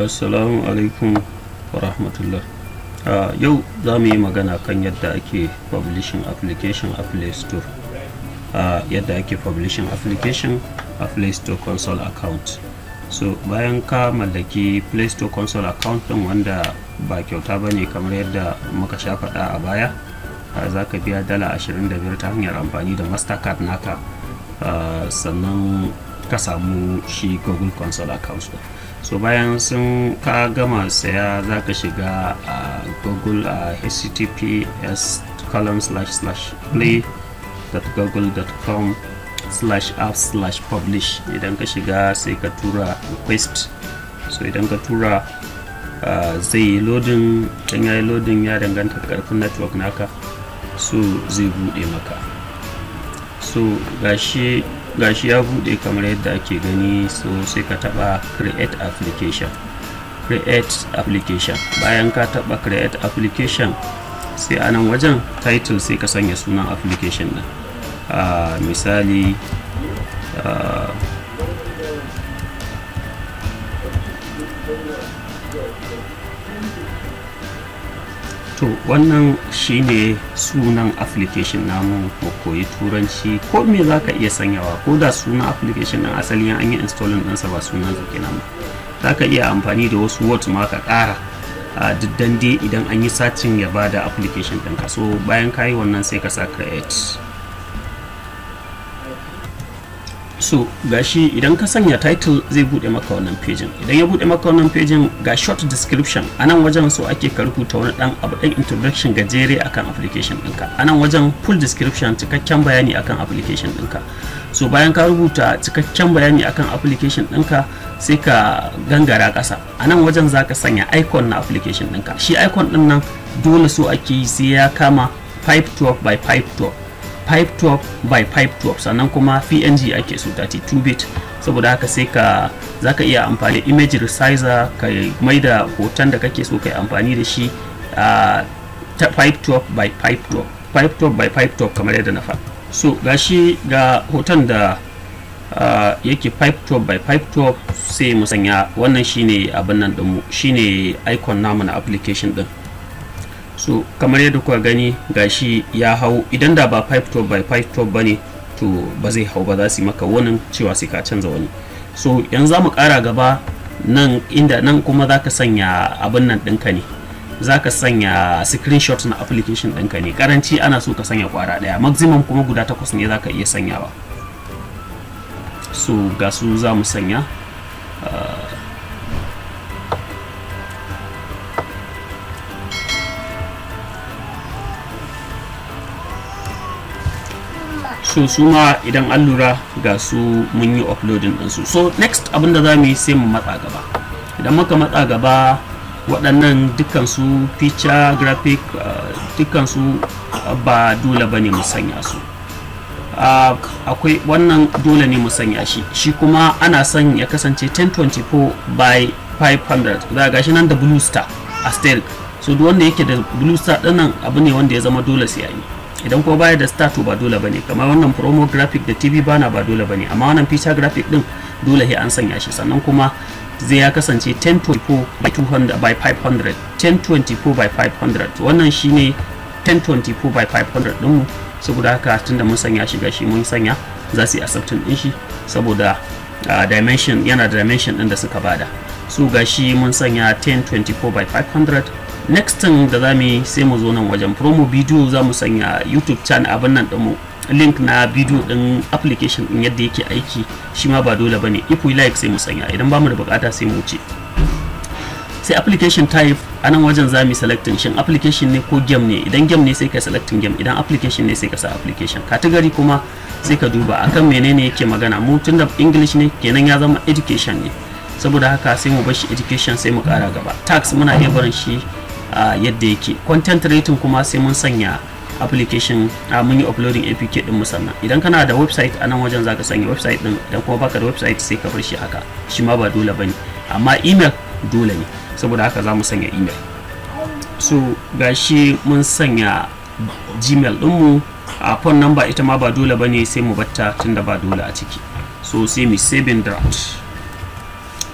assalamu alaikum wa rahmatullah yau za mu yi magana kan yadda ake publishing application a play store yadda ake publishing application a play store console account so bayan ka mallaki play store console account ɗin wanda ba kyauta ba ne kamar yadda muka sha faɗa a baya za ka biya dala biyar ta hanyar amfani da mastercard naka sannan ka samu shi google console account so bayan sun ka gama saya za ka shiga a google a https column slash slash play dot dot google com slash app slash publish idan ka shiga sai ka tura request so idan ka tura zai yi lodin can ya yi lodin ya danganta da karfin network naka so zai bude maka so gashi gashi ya bude kamar yadda ake gani so sai ka taba create application create application bayan ka taba create application sai a nan wajen title sai ka sanya sunan application din uh, ah, misali ah, to wannan shine sunan application namu ko koyi turanci ko me za ka iya sanyawa ko da sunan application ɗin asali an yi installing ɗinsa ba sunan zuke nan ba za ka iya amfani da wasu words ma ka ƙara a duk dai idan an yi satin ya bada application ɗinka so bayan ka yi wannan sai ka sa create so gashi idan ka sanya title zai bude maka wannan pejin idan ya bude maka wannan pejin ga short description anan wajen so ake ka rubuta wani dan abu dan introduction gajere akan application ɗinka anan wajen full description cikakken bayani akan application ɗinka so bayan ka rubuta cikakken bayani akan application ɗinka sai ka gangara kasa anan wajen zaka sanya icon na application ɗinka shi icon ɗin nan dole so ake yi sai ya kama 512 by 512 512 by 512 sannan kuma png ake so 32 bit saboda haka sai ka zaka ka iya amfani image resizer ka mai da hoton da kake so ka amfani da shi a 512 by 512 512 by 512 kamar yadda na faɗa so ga shi ga hoton da yake 512 by 512 sai mu sanya wannan shine abin nan ɗinmu shine icon namu na application ɗin so kamar yadda kuka gani gashi ya hau idan da ba 5 top by 5 top bane to ba zai hau ba za su maka wani cewa sai ka canza wani so yanzu za mu kara gaba nan inda nan kuma za ka sanya abin nan ɗinka ne za ka sanya screenshot na application ɗinka ne karanci ana so ka sanya kwara ɗaya maximum kuma guda takwas ne za ka iya sanyawa so ga su za mu sanya ah, so su ma idan an lura ga su mun yi uploading su so next abin da za yi sai mu matsa gaba idan muka matsa gaba waɗannan dukkan su feature graphic ah, dukkan su ah, ba dole ba ne mu sanya su ah, akwai wannan dole ne mu sanya shi shi kuma ana son ya kasance 1024 by 500 za ga shi nan da blue star asterisk so duk wanda yake da blue star ɗinnan abu ne wanda ya zama dole sai a yi idan kuma baya da star to ba dole bane kamar wannan promo graphic da tv bana ba dole bane amma wannan feature graphic din dole sai an sanya shi sannan kuma zai ya kasance 1024 by 200 by 500 1024 by 500 wannan shine 1024 by 500 din saboda haka tunda mun sanya shi gashi mun sanya za su yi accepting din shi saboda uh, dimension yana da dimension din da suka bada so gashi mun sanya 1024 by 500 next thing da za mu yi sai mu zo nan wajen promo video za mu sanya youtube channel abin nan mu link na bidiyo din application din yadda yake aiki shi ma ba dole bane if we like sai mu sanya idan ba mu da bukata sai mu wuce sai application type anan nan wajen za mu selecting shin application ne ko game ne idan game ne sai ka selecting game idan application ne sai ka sa application category kuma sai ka duba akan menene yake magana mu tunda english ne kenan ya zama education ne saboda haka sai mu bar shi education sai mu kara gaba tax muna iya barin shi yadda yake content rating kuma sai mun sanya application a mun yi uploading apk din musamman idan kana da website a nan wajen zaka sanya website din idan kuma baka da website sai ka bar shi haka shi ma ba dole bane amma email dole ne saboda haka zamu sanya email so gashi mun sanya gmail dinmu a phone number ita ma ba dole bane sai mu batta tunda ba dole a ciki so sai mi saving draft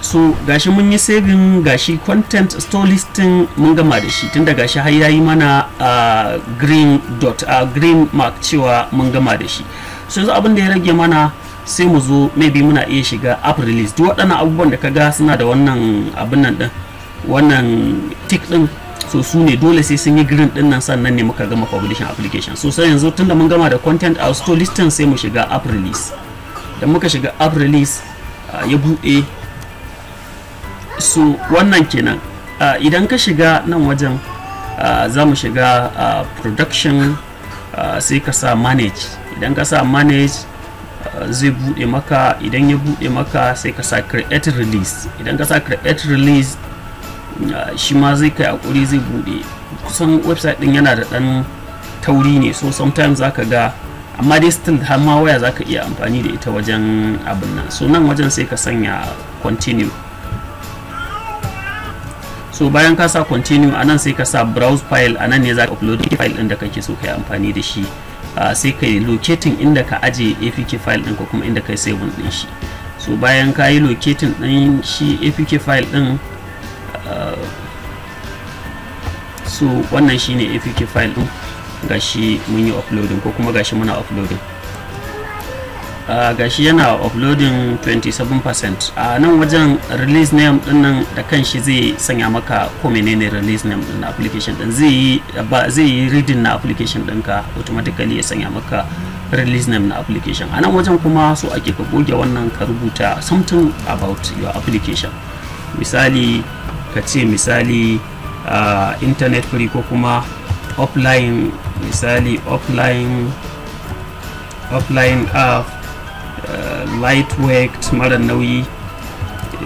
so gashi mun yi saving gashi content store listing mun gama da shi tunda gashi har yayi mana a green dot a green mark cewa mun gama da shi so yanzu abin da ya rage mana sai mu zo maybe muna iya shiga app release duk waɗannan abubuwan da kaga suna da wannan abin nan din wannan tick din so su ne dole sai sun yi green din nan sannan ne muka gama publishing application so sai yanzu tunda mun gama da content a store listing sai mu shiga app release da muka shiga app release ya buɗe so wannan kenan ah, idan ka shiga nan wajen ah, za mu shiga a ah, production sai ka sa manage idan ka sa manage zai bude maka idan ya bude maka sai ka sa create release idan ka sa create release shi ma zai kai hakuri zai bude kusan website din yana da dan tauri ne so sometimes zaka ga amma dai still har ma waya zaka iya amfani da ita wajen abin nan so nan wajen sai ka sanya continue so bayan ka sa continue a nan sai ka sa browse file a nan ne za ka upload file ɗin da kake so ka yi amfani da shi sai ka yi locating inda ka aje apk file ɗin ko kuma inda ka yi saving ɗin shi so bayan ka yi locating ɗin shi apk file ɗin so wannan shine apk file ɗin ga shi mun yi uploading ko kuma ga shi muna uploading Uh, gashi yana uploading 27% a uh, nan wajen release name din nan da kanshi zai sanya maka ko menene release name din application din zai yi zai yi reading na application ka automatically ya sanya maka release name na application a nan wajen kuma so ake ka goge wannan ka rubuta something about your application misali ka ce misali uh, internet free ko kuma offline misali offline offline app light weight mara nauyi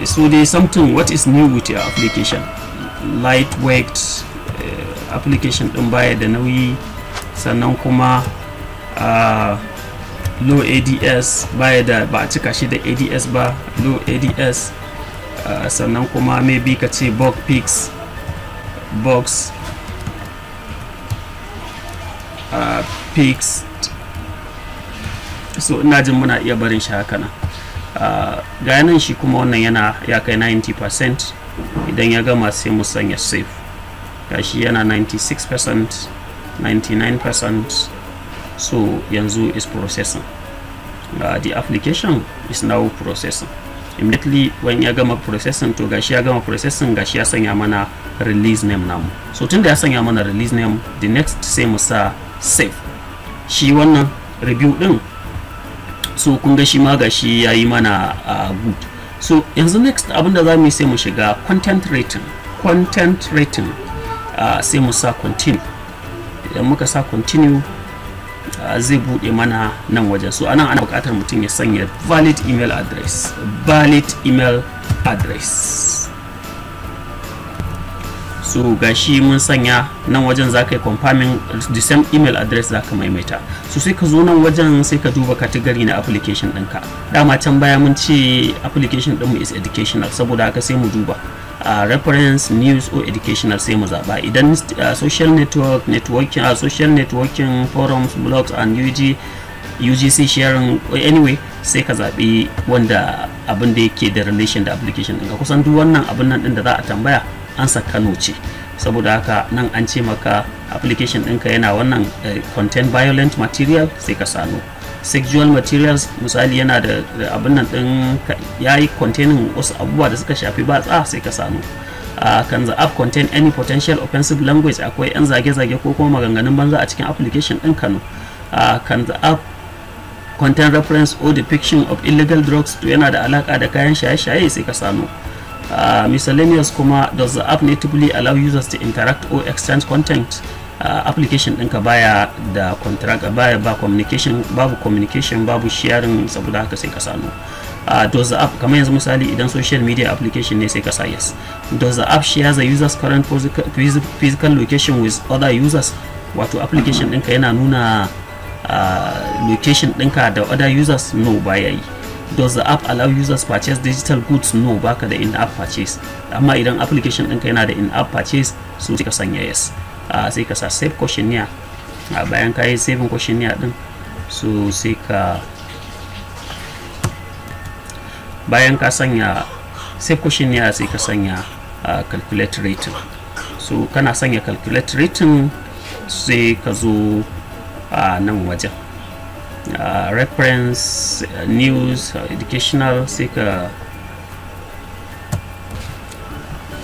so there's something what is new with your application light weight uh, eh, application din baya da nauyi sannan kuma uh, low ads baya da ba a cika shi da ads ba low ads uh, ah, sannan kuma maybe ka ce bug picks box uh, ah, picks so ina jin muna iya barin shi haka nan ah, ga nan shi kuma wannan yana ya kai 90% idan ya gama sai mu sanya save gashi yana 96% 99% so yanzu is processing uh, the application is now processing immediately when ya gama processing to gashi ya gama processing gashi ya sanya mana release name namu so tunda ya sanya mana release name the next sai mu sa save shi wannan review din so kun ga shi ma gashi ya yi mana uh, good so yanzu next abinda za mu yi sai mu shiga content rating content rating uh, sai mu sa continue idan muka sa continue uh, zai bude mana nan waje so anan ana bukatar mutum ya sanya valid email address valid email address su gashi mun sanya nan wajen za ka yi confirming the same email address za ka maimaita su sai ka zo nan wajen sai ka duba category na application ɗinka dama can baya mun ce application ɗinmu is educational saboda haka sai mu duba a reference news or educational sai mu zaba idan social network networking uh, social networking forums blogs and UG UGC sharing anyway sai ka zaɓi wanda abin da yake da relation da application ɗinka kusan duk wannan abin nan ɗin da za a tambaya ansa kano ce saboda haka nan an ce maka application ɗinka yana wannan eh, contain violent material sai ka sano sexual materials misali yana da abin nan ɗin ya yi containing wasu abubuwa da suka shafi ba batsa sai ka sano Uh, can the app contain any potential offensive language akwai 'yan zage-zage ko kuma maganganun banza a cikin application ɗin kano a can the app contain reference or depiction of illegal drugs to yana da alaka da kayan shaye-shaye sai ka sano Uh, miscellaneous kuma does the app natively allow users to interact or exchange content uh, application ɗinka baya da contract baya ba communication babu communication babu sharing saboda haka sai ka sanu uh, does the app kamar yanzu misali idan social media application ne sai ka sa yes does the app share the user's current physical location with other users wato application ɗinka yana nuna uh, location ɗinka da other users no baya yi does the app allow users purchase digital goods no baka da in-app purchase amma idan application ɗinka yana da in-app purchase so sai ka sanya yes sai ka sa save questionnaire a bayan ka yi saving questionnaire ɗin so sai ka bayan ka sanya save questionnaire sai ka sanya calculate rating so kana sanya calculate rating sai ka zo a nan wajen Uh, reference uh, news uh, educational sika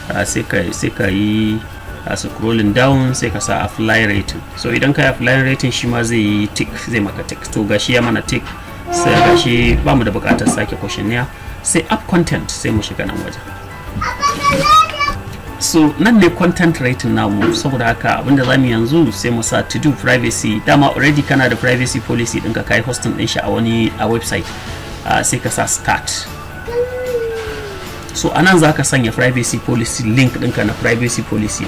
ka sika ka yi a scrolling down sai ka sa apply rating so idan ka yi apply rating shi ma zai yi tick zai maka tick to gashi ya mana tick sai gashi ba da bukatar sake questionnaire sai up content sai mu shiga nan wajen so nan ne content na namu saboda haka abinda za mu yanzu sai mu sa to do privacy dama already kana da privacy policy ɗinka kai hosting din shi a wani a website uh, sai ka sa start so a nan za ka sanya privacy policy link ɗinka na privacy policy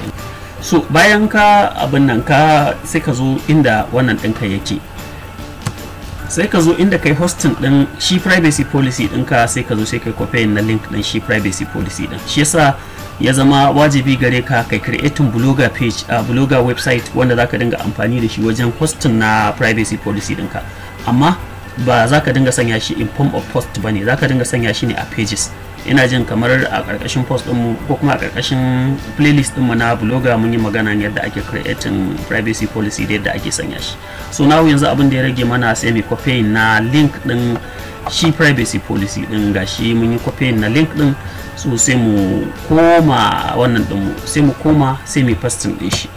so bayan ka abin nan ka sai ka zo inda wannan ɗinka yake sai ka zo inda kai hosting din shi privacy policy ɗinka sai ka zo sai kai copy na link ɗin shi privacy policy ɗin shi yasa ya zama wajibi gare ka kai creating blogger page a uh, blogger website wanda zaka dinga amfani da shi wajen hosting na privacy policy dinka amma ba za ka dinga sanya shi in form of post ba ne za ka dinga sanya shi ne a pages ina jin kamar a ƙarƙashin post ɗinmu ko kuma a ƙarƙashin playlist mu na blogger mun yi magana yadda ake creating privacy policy da yadda ake sanya shi so now yanzu abin da ya rage mana sai mu copy na link din shi privacy policy din gashi mun yi copy na link din. so sai mu koma wannan ɗinmu sai mu koma sai mu fasting ɗin shi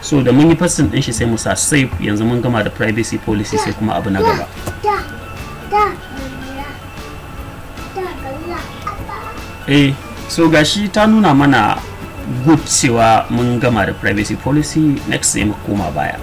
so da mun yi fasting ɗin shi sai mu sa safe yanzu mun gama da privacy policy sai kuma abu na gaba eh so gashi ta nuna mana good cewa mun gama da privacy policy next sai mu koma baya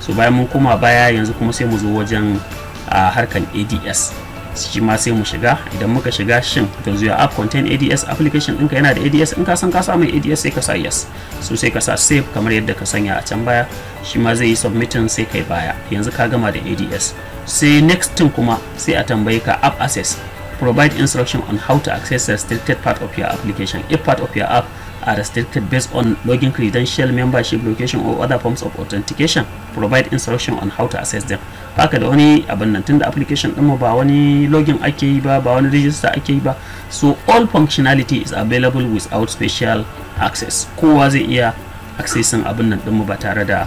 so bayan mun koma baya yanzu kuma sai mu zo wajen ah, a harkan ads shi ma sai mu shiga idan muka shiga shin to zuwa app contain ads application ɗinka yana da ads in ka san ka sa mai ads sai ka sa yes so sai ka sa save kamar yadda ka sanya a can baya shi ma zai yi submitting sai kai baya yanzu ka gama da ads sai next tin kuma sai a tambaye ka app access provide instruction on how to access the restricted part of your application if part of your app are restricted based on login credential membership location or other forms of authentication provide instruction on how to access them baka da wani abin nan tunda application din mu ba wani login ake yi ba ba wani register ake yi ba so all functionality is available without special access kowa zai iya accessing abin nan din mu ba tare da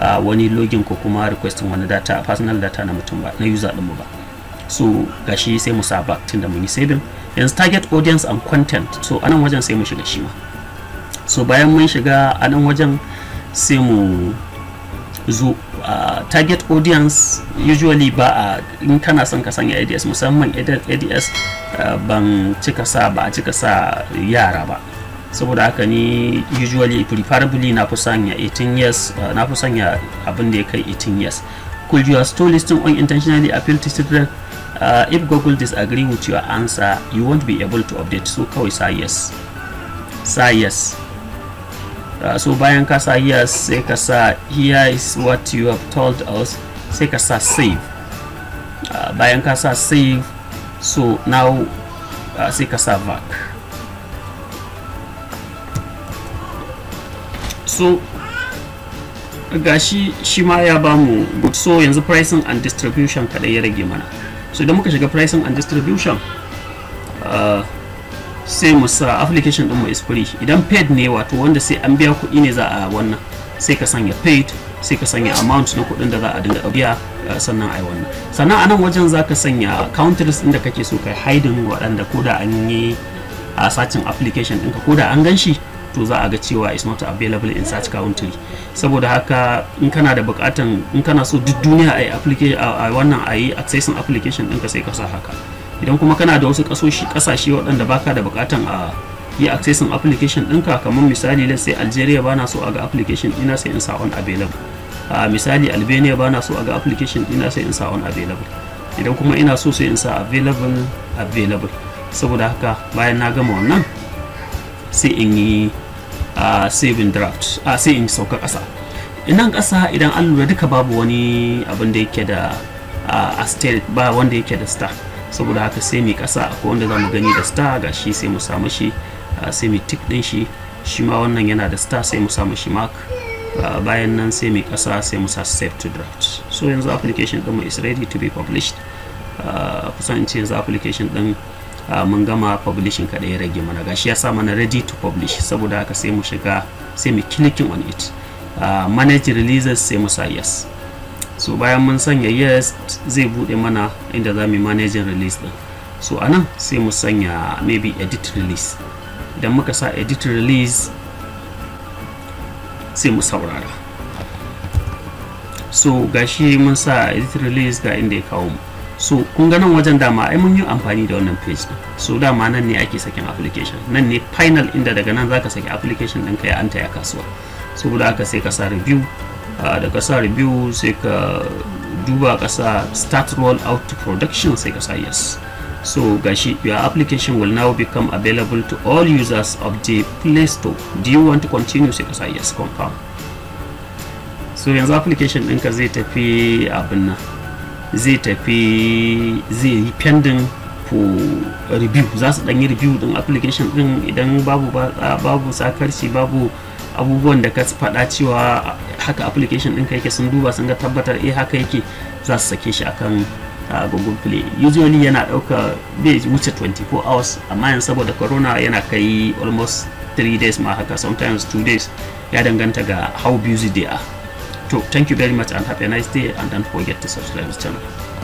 ah, wani login ko kuma requesting wani data personal data na mutum ba na user din mu ba so gashi sai mu sa tunda mun yi saving yanzu target audience and content so anan wajen sai mu shiga shi ma so bayan mun shiga anan wajen sai mu zo uh, target audience usually ba a uh, in kana son ka sanya ads musamman ads uh, ban cika sa ba a cika sa yara ba saboda haka ni usually preferably na fi sanya 18 years na fi sanya abin da ya kai 18 years could you still listing on intentionally appeal to children uh, if google disagree with your answer you won't be able to update so kawai sa yes sa yes Uh, so bayan ka sa yes sai ka sa here is what you have told us sai ka sa save uh, bayan ka sa save so now uh, sai ka sa back so gashi shi ma ya bamu so yanzu pricing and distribution kadai ya rage mana so idan muka shiga pricing and distribution uh, sai mu sa application din mu is free idan paid ne wato wanda sai an biya kuɗi ne za a wannan sai ka sanya paid sai ka sanya amount na kuɗin da za a dinga biya eh, sannan ai wannan sannan anan wajen za ka sanya countries din da kake so kai hiding waɗanda ko da an yi a searching application ɗinka ko da an gan shi to za a ga cewa is not available in search country saboda haka in kana da bukatan in kana so duk duniya a yi application a wannan a yi accessing application ɗinka sai ka sa haka idan kuma kana da wasu kasoshi kasashe waɗanda baka da bukatan a yi accessing application ɗinka kamar misali let's say Algeria bana so a ga application ɗina sai in sa on available a misali Albania bana so a ga application ɗina sai in sa on available idan kuma ina so sai in sa available available saboda haka bayan na gama wannan sai in yi a saving draft a sai in sauka ƙasa inan ƙasa idan an lura duka babu wani abin da yake da a ba wanda yake da star saboda haka sai mu kasa akwai wanda mu gani da star ga shi sai mu samu shi ah, sai mu tick din shi shi ma wannan yana da star sai mu samu shi mark ah, bayan nan sai mu kasa sai mu sa save to draft so yanzu application din mu is ready to be published ah, kusan ce yanzu application din mun gama publishing kaɗai ya rage mana gashi ya sa mana ready to publish saboda haka sai mu shiga sai mu clicking on it manage releases sai mu sa yes so bayan mun sanya yes zai bude mana inda za mu manage release din so anan sai mu sanya maybe edit release idan muka sa edit release sai mu saurara so gashi mun sa edit release ga inda ya kawo mu so kun ga nan wajen dama ai mun yi amfani da wannan page din so dama nan ne ake sakin application nan ne final inda daga nan zaka saki application ɗinka ya anta ya kasuwa saboda haka sai ka sa review da kasa review sai ka duba kasa start roll out to production sai ka sa yes so gashi your application will now become available to all users of the play store do you want to continue sai ka sa yes confirm so yanzu application ɗinka zai tafi abin nan zai tafi zai yi pending for review za su ɗanyi review ɗin application ɗin idan babu babu sakarci babu abubuwan da ka faɗa cewa haka application ɗinka yake sun duba sun ga tabbatar eh haka yake za su sake shi akan a ah, google play usually yana ɗauka bai wuce 24 hours amma yanzu saboda corona yana kai almost 3 days ma haka sometimes 2 days ya danganta ga how busy they are to thank you very much and have a nice day and don't forget to subscribe to the channel